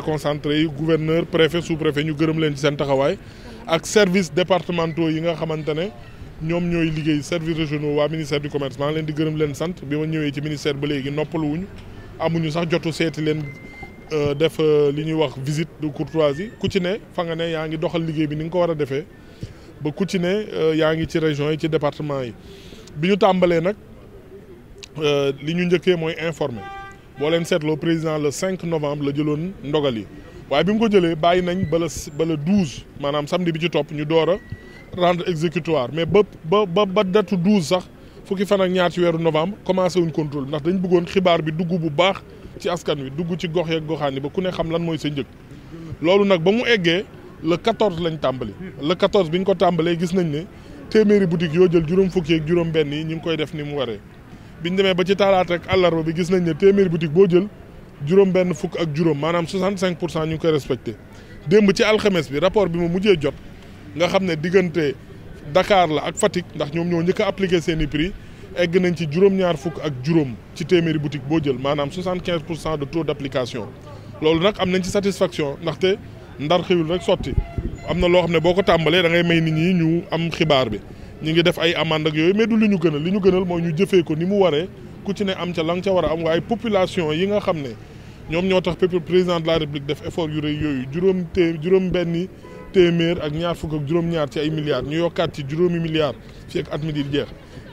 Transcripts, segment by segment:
autorités concentrées yi gouverneur préfet sous préfet ñu gërëm leen ci seen taxawaay ak service départementaux yi nga xamante ne ñoom ñooy liggéey service régionaux waa ministère du commerce maa ngi leen di gërëm leen sant bi ma ñëwee ci ministère ba léegi noppaluwuñu amuñu sax jotu seeti leen euh, def euh, li ñuy wax visite de courtoisie ku ci ne fa nga ne yaa ngi doxal liggéey bi ni nga ko war a defee ba ku ci ne euh, yaa ngi ci région yi ci département yi bi ñu tàmbalee nag li njëkkee mooy informer boo leen seetloo président le 5 novembre la jëloon ndogal yi waaye bi mu ko jëlee bàyyi nañ ba le ba le 12 maanaam samedi bi ci topp ñu door a rendre exécutoire mais ba ba ba ba datu 12 sax fukki fan ak ñaar ci weeru novembre commencé wuñ contrôle ndax dañ bëggoon xibaar bi dugg bu baax ci askan wi dugg ci gox yeeg goxaan yi ba ku ne xam lan mooy sa njëg loolu nag ba mu eggee le 14 lañ tàmbali. la 14 bi ñu ko tàmbalee gis nañ ne téeméeri boutique yoo jël juróom fukki ak juróom benn ñu ngi koy def ni mu waree. biñ demee ba ci talaata ak àllarba bi gis nañ ne téeméeri boutique boo jël juróom benn fukk ak juróom maanaam 65 pour cent ñu ngi koy respecté démb ci alxames bi rapport bi mu mujjee jot nga xam ne diggante dakaar la ak Fatick ndax ñoom ñoo njëkk a seeni prix egg nañ ci juróom-ñaar fukk ak juróom ci téeméeri boutique boo jël maanaam 75 pour cent de taux d' application loolu nag am nañ ci satisfaction ndaxte ndar xëyul rek sotti am na loo xam ne boo ko tàmbalee da ngay may nit ñi ñu am xibaar bi ñu ngi def ay amende ak yooyu mais du li ñu gënal li ñu gënal mooy ñu jëfee ko ni mu waree ku ci ne am ca lang nga ca war a am waaye population yi nga xam ne ñoom ñoo tax président de la république def effort yu rëy yooyu juróom té juróom benni téeméer ak ñaar fukk ak juróom-ñaar ci ay milliards ñu yokkaat ci juróomi milliards fii ak at mi di jeex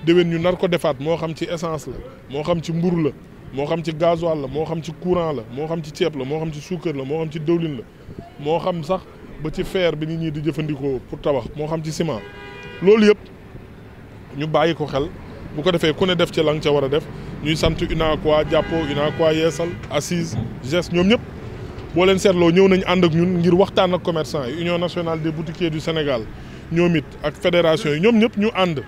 déwén ñu nar ko defaat moo xam ci essence la moo xam ci mburu la moo xam ci gasoil la moo xam ci courant la moo xam ci ceeb la moo xam ci suukar la moo ci dëwlin la moo xam sax ba ci fer bi nit ñi di jëfandikoo pour tabax moo xam ci ciment loolu yëpp ñu bàyyi ko xel bu ko defee ku ne def ci la nga ca war a def ñuy sant UNACOIS jàppoo UNACOIS yeesal assise GES ñoom ñëpp boo leen seetloo ñëw nañu ànd ak ñun ngir waxtaan ak commerçant yi union nationale des boutiquiers du Sénégal ñoom it ak fédération yi ñoom ñëpp ñu ànd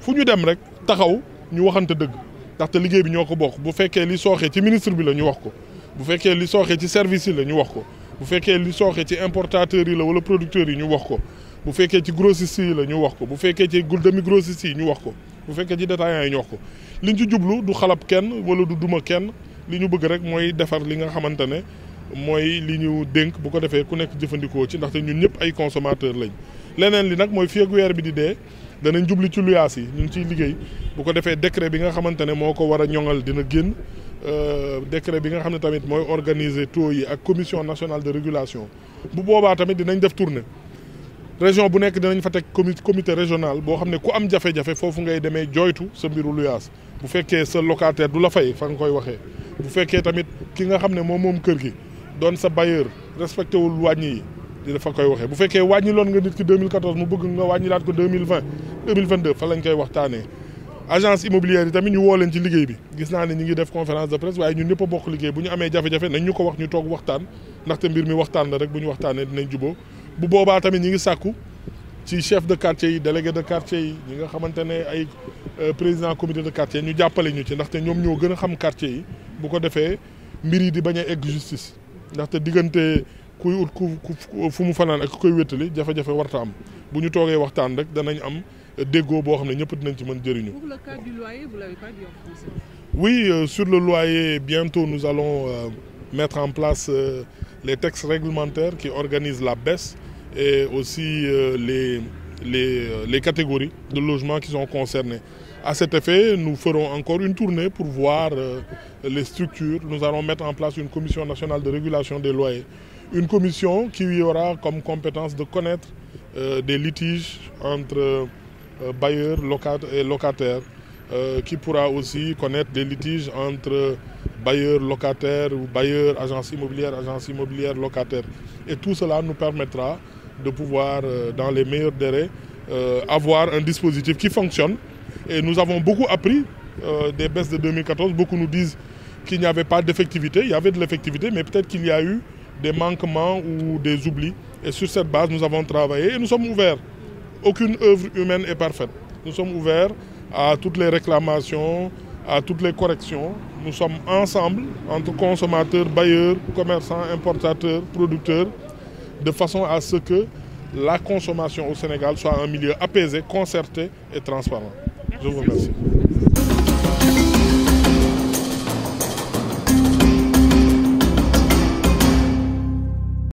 fu ñu dem rek taxaw ñu waxante dëgg ndaxte liggéey bi ñoo ko bokk bu fekkee li sooxee ci ministre bi la ñu wax ko bu fekkee li sooxee ci service yi la ñu wax ko bu fekkee li sooxee ci importateurs yi la wala producteurs yi ñu wax ko bu fekkee ci grossiste yi la ñu wax ko bu fekkee ci demi grossiste yi ñu wax ko bu fekkee ci détaillants yi ñu ko liñ ci jublu du xalab kenn wala du duma kenn li ñu bëgg rek mooy defar li nga xamante ne mooy li ñu dénk bu ko defee ku nekk jëfandikoo ci ndaxte ñun ñëpp ay consommateur lañ leneen li nag mooy fii ak bi di dee danañ jublu ci luyaas yi ñu ngi ciy liggéey bu ko defee décret bi nga xamante ne moo ko war a ñoŋal dina génn euh, décret bi nga xam ne tamit mooy organiser taux yi ak commission nationale de régulation bu boobaa tamit dinañ def tournée région bu nekk dinañ fa teg comité régional boo xam ne ku am jafe-jafe foofu ngay demee jooytu sa mbiru luyaas bu fekkee sa locataire du la fay fa nga koy waxee bu fekkee tamit ki nga xam ne moom moom kër gi doon sa bailleur respecté wul wàññi yi di dafa koy waxee bu fekkee wàññi loon nga nit ki 2014 mu bëgg nga wàññi laat ko 2020 2022 fa lañ koy waxtaanee agence immobilière yi tamit ñu woo leen ci liggéey bi gis naa ne ñu ngi def conférence de presse waaye ñun ñëpp a bokk ñu amee jafe ñu ko wax ñu toog waxtaan ndaxte mbir mi waxtaan la rek bu ñu waxtaanee dinañ juboo bu boobaa tamit ñi ngi sàkku ci chef de quartier yi délégué de quartier yi ñi nga xamante ne ay euh, président comité de quartier ñu jàppale ñu ci ndaxte ñoom ñoo gën a xam quartier yi bu ko defee mbir yi di bañ a egg justice ndaxte diggante kuy ut ku fu mu fanaan ak ku koy wétali jafe-jafe warta am bu ñu toogee waxtaan rek danañ am déggoo boo xam ne ñëpp dinañ ci mën jëriñu. pour oui euh, sur le loyer bientôt nous allons euh, mettre en place euh, les textes réglementaires qui organisent la baisse. et aussi euh, les, les, euh, les catégories de logements qui sont concernées. À cet effet, nous ferons encore une tournée pour voir euh, les structures. Nous allons mettre en place une commission nationale de régulation des loyers. Une commission qui aura comme compétence de connaître des litiges entre bailleurs et locataires, qui pourra aussi connaître des litiges entre bailleurs locataires ou bailleurs agence immobilière, agence immobilière locataire. Et tout cela nous permettra de pouvoir, euh, dans les meilleurs délais, euh, avoir un dispositif qui fonctionne. Et nous avons beaucoup appris euh, des baisses de 2014. Beaucoup nous disent qu'il n'y avait pas d'effectivité. Il y avait de l'effectivité, mais peut-être qu'il y a eu des manquements ou des oublis. Et sur cette base, nous avons travaillé et nous sommes ouverts. Aucune œuvre humaine est parfaite. Nous sommes à toutes les réclamations, à toutes les corrections. Nous sommes ensemble, entre consommateurs, bailleurs, commerçants, importateurs, producteurs. de façon à ce que la consommation au Sénégal soit un milieu apaisé, concerté et transparent. Je vous remercie.